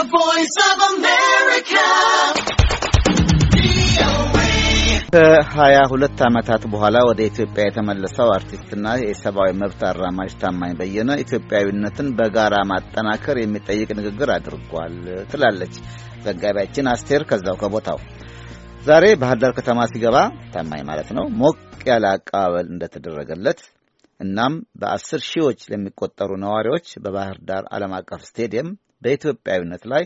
The Voice of America. ከሀያ ሁለት ዓመታት በኋላ ወደ ኢትዮጵያ የተመለሰው አርቲስትና የሰብአዊ መብት አራማጅ ታማኝ በየነ ኢትዮጵያዊነትን በጋራ ማጠናከር የሚጠይቅ ንግግር አድርጓል ትላለች ዘጋቢያችን አስቴር ከዛው ከቦታው። ዛሬ ባህር ዳር ከተማ ሲገባ ታማኝ ማለት ነው ሞቅ ያለ አቀባበል እንደተደረገለት እናም በአስር ሺዎች ለሚቆጠሩ ነዋሪዎች በባህር ዳር ዓለም አቀፍ ስቴዲየም በኢትዮጵያዊነት ላይ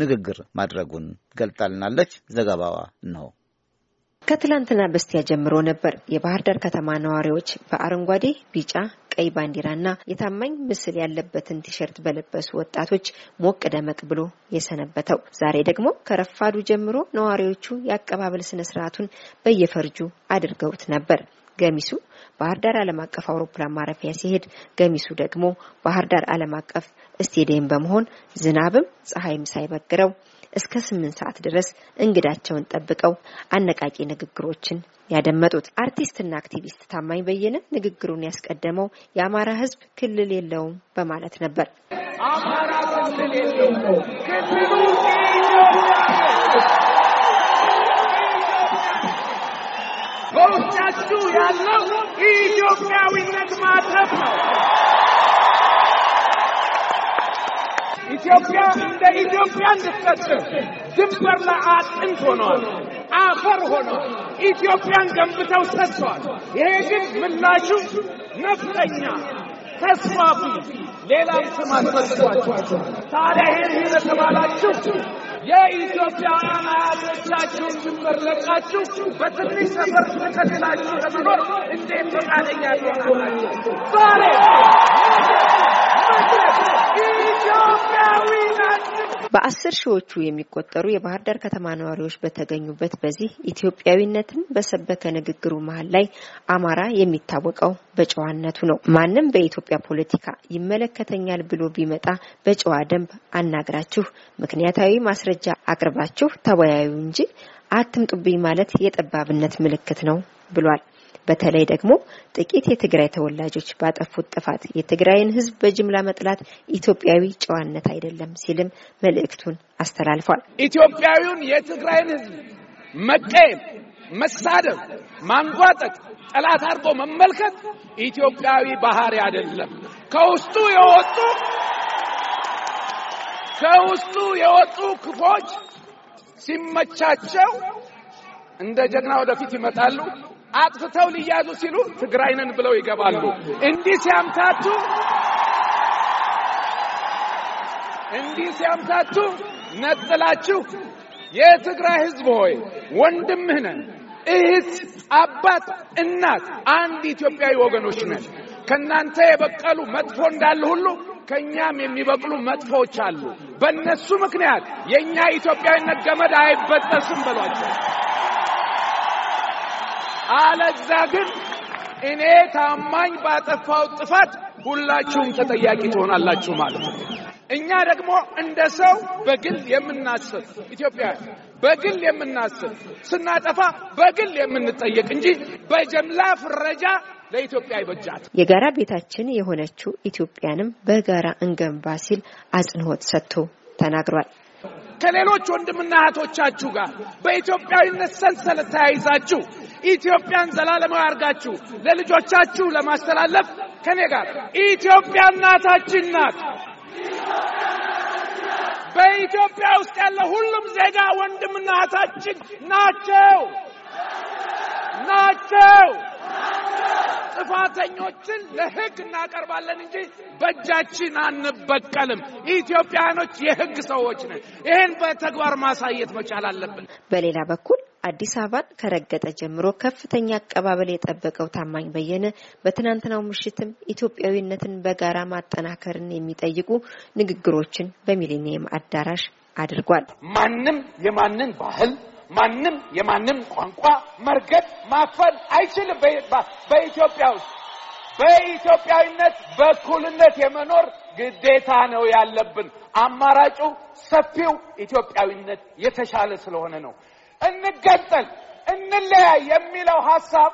ንግግር ማድረጉን ገልጣልናለች። ዘገባዋ ነው። ከትላንትና በስቲያ ጀምሮ ነበር የባህር ዳር ከተማ ነዋሪዎች በአረንጓዴ፣ ቢጫ፣ ቀይ ባንዲራና የታማኝ ምስል ያለበትን ቲሸርት በለበሱ ወጣቶች ሞቅ ደመቅ ብሎ የሰነበተው። ዛሬ ደግሞ ከረፋዱ ጀምሮ ነዋሪዎቹ የአቀባበል ስነ ስርዓቱን በየፈርጁ አድርገውት ነበር። ገሚሱ ባህር ዳር ዓለም አቀፍ አውሮፕላን ማረፊያ ሲሄድ ገሚሱ ደግሞ ባህር ዳር ዓለም አቀፍ ስቴዲየም በመሆን ዝናብም ፀሐይም ሳይበግረው እስከ ስምንት ሰዓት ድረስ እንግዳቸውን ጠብቀው አነቃቂ ንግግሮችን ያደመጡት አርቲስትና አክቲቪስት ታማኝ በየነ ንግግሩን ያስቀደመው የአማራ ሕዝብ ክልል የለውም በማለት ነበር። አማራ ክልል የለውም ያለው የኢትዮጵያዊነት ማተብ ነው። ኢትዮጵያ እንደ ኢትዮጵያ እንድትቀጥል ድንበር ላይ አጥንት ሆነዋል፣ አፈር ሆነዋል። ኢትዮጵያን ገንብተው ሰጥተዋል። ይሄ ግን ምላሹ ነፍጠኛ ተስፋፊ ሌላም ስም አስመጥቷችሁ ታዲያ ይህን ይህ በተባላችሁ የኢትዮጵያ አያቶቻችሁን ድንበር ለቃችሁ በትንሽ ሰፈር ተከትላችሁ ለመኖር እንዴት ፈቃደኛ ሊሆናላችሁ ዛሬ በአስር ሺዎቹ የሚቆጠሩ የባህር ዳር ከተማ ነዋሪዎች በተገኙበት በዚህ ኢትዮጵያዊነትን በሰበከ ንግግሩ መሀል ላይ አማራ የሚታወቀው በጨዋነቱ ነው። ማንም በኢትዮጵያ ፖለቲካ ይመለከተኛል ብሎ ቢመጣ በጨዋ ደንብ አናግራችሁ፣ ምክንያታዊ ማስረጃ አቅርባችሁ ተወያዩ እንጂ አትምጡብኝ ማለት የጠባብነት ምልክት ነው ብሏል። በተለይ ደግሞ ጥቂት የትግራይ ተወላጆች ባጠፉት ጥፋት የትግራይን ሕዝብ በጅምላ መጥላት ኢትዮጵያዊ ጨዋነት አይደለም ሲልም መልእክቱን አስተላልፏል። ኢትዮጵያዊውን የትግራይን ሕዝብ መቀየም፣ መሳደብ፣ ማንጓጠጥ፣ ጠላት አድርጎ መመልከት ኢትዮጵያዊ ባህሪ አይደለም። ከውስጡ የወጡ ከውስጡ የወጡ ክፎች ሲመቻቸው እንደ ጀግና ወደፊት ይመጣሉ። አጥፍተው ሊያዙ ሲሉ ትግራይ ነን ብለው ይገባሉ። እንዲህ ሲያምታቱ እንዲህ ሲያምታቱ ነጥላችሁ የትግራይ ህዝብ ሆይ ወንድምህ ነን፣ እህት፣ አባት፣ እናት አንድ ኢትዮጵያዊ ወገኖች ነን። ከናንተ የበቀሉ መጥፎ እንዳለ ሁሉ ከኛም የሚበቅሉ መጥፎዎች አሉ። በእነሱ ምክንያት የኛ ኢትዮጵያዊነት ገመድ አይበጠስም በሏቸው። አለዛ ግን እኔ ታማኝ ባጠፋው ጥፋት ሁላችሁም ተጠያቂ ትሆናላችሁ ማለት ነው። እኛ ደግሞ እንደ ሰው በግል የምናስብ ኢትዮጵያ በግል የምናስብ ስናጠፋ በግል የምንጠየቅ እንጂ በጀምላ ፍረጃ ለኢትዮጵያ ይበጃት። የጋራ ቤታችን የሆነችው ኢትዮጵያንም በጋራ እንገንባ ሲል አጽንኦት ሰጥቶ ተናግሯል። ከሌሎች ወንድምና እህቶቻችሁ ጋር በኢትዮጵያዊነት ሰንሰለት ተያይዛችሁ ኢትዮጵያን ዘላለማዊ አድርጋችሁ ለልጆቻችሁ ለማስተላለፍ ከኔ ጋር ኢትዮጵያ እናታችን ናት። በኢትዮጵያ ውስጥ ያለ ሁሉም ዜጋ ወንድም እናታችን ናቸው ናቸው። ጥፋተኞችን ለሕግ እናቀርባለን እንጂ በእጃችን አንበቀልም። ኢትዮጵያኖች የሕግ ሰዎች ነን። ይህን በተግባር ማሳየት መቻል አለብን። በሌላ በኩል አዲስ አበባን ከረገጠ ጀምሮ ከፍተኛ አቀባበል የጠበቀው ታማኝ በየነ በትናንትናው ምሽትም ኢትዮጵያዊነትን በጋራ ማጠናከርን የሚጠይቁ ንግግሮችን በሚሊኒየም አዳራሽ አድርጓል። ማንም የማንን ባህል ማንም የማንም ቋንቋ መርገጥ ማፈን አይችልም። በኢትዮጵያ ውስጥ በኢትዮጵያዊነት በእኩልነት የመኖር ግዴታ ነው ያለብን። አማራጩ ሰፊው ኢትዮጵያዊነት የተሻለ ስለሆነ ነው። እንገንጠል፣ እንለያይ የሚለው ሀሳብ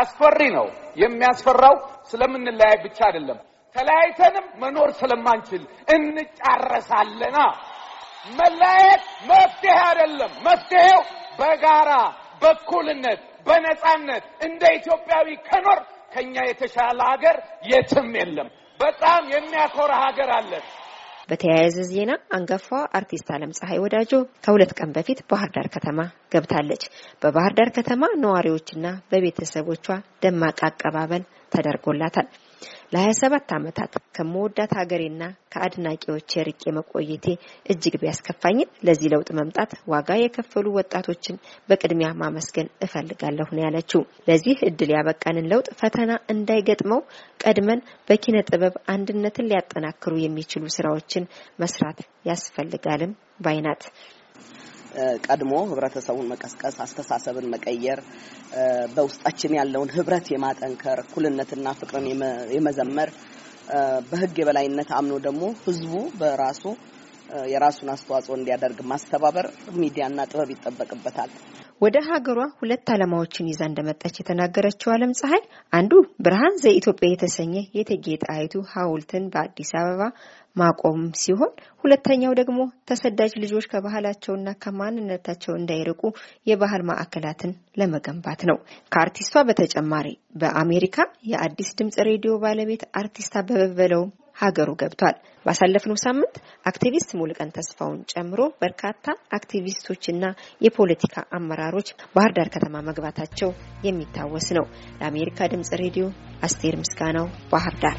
አስፈሪ ነው። የሚያስፈራው ስለምንለያይ ብቻ አይደለም፣ ተለያይተንም መኖር ስለማንችል እንጫረሳለና። መለያየት መፍትሄ አይደለም። መፍትሄው በጋራ በኩልነት በነጻነት እንደ ኢትዮጵያዊ ከኖር ከኛ የተሻለ ሀገር የትም የለም። በጣም የሚያኮራ ሀገር አለን። በተያያዘ ዜና አንጋፋ አርቲስት አለም ፀሐይ ወዳጆ ከሁለት ቀን በፊት ባህር ዳር ከተማ ገብታለች። በባህር ዳር ከተማ ነዋሪዎችና በቤተሰቦቿ ደማቅ አቀባበል ተደርጎላታል። ለ27 ዓመታት ከመወዳት ሀገሬና ከአድናቂዎች የርቄ መቆየቴ እጅግ ቢያስከፋኝም ለዚህ ለውጥ መምጣት ዋጋ የከፈሉ ወጣቶችን በቅድሚያ ማመስገን እፈልጋለሁ ነው ያለችው። ለዚህ እድል ያበቃንን ለውጥ ፈተና እንዳይገጥመው ቀድመን በኪነ ጥበብ አንድነትን ሊያጠናክሩ የሚችሉ ስራዎችን መስራት ያስፈልጋልም ባይናት ቀድሞ ህብረተሰቡን መቀስቀስ፣ አስተሳሰብን መቀየር፣ በውስጣችን ያለውን ህብረት የማጠንከር እኩልነትና ፍቅርን የመዘመር በህግ የበላይነት አምኖ ደግሞ ህዝቡ በራሱ የራሱን አስተዋጽኦ እንዲያደርግ ማስተባበር ሚዲያና ጥበብ ይጠበቅበታል። ወደ ሀገሯ ሁለት ዓላማዎችን ይዛ እንደመጣች የተናገረችው አለም ፀሐይ አንዱ ብርሃን ዘኢትዮጵያ የተሰኘ የእቴጌ ጣይቱ ሐውልትን በአዲስ አበባ ማቆም ሲሆን ሁለተኛው ደግሞ ተሰዳጅ ልጆች ከባህላቸውና ከማንነታቸው እንዳይርቁ የባህል ማዕከላትን ለመገንባት ነው። ከአርቲስቷ በተጨማሪ በአሜሪካ የአዲስ ድምጽ ሬዲዮ ባለቤት አርቲስት አበበ በለውም ሀገሩ ገብቷል። ባሳለፍነው ሳምንት አክቲቪስት ሙልቀን ተስፋውን ጨምሮ በርካታ አክቲቪስቶችና የፖለቲካ አመራሮች ባህር ዳር ከተማ መግባታቸው የሚታወስ ነው። ለአሜሪካ ድምጽ ሬዲዮ አስቴር ምስጋናው ባህር ዳር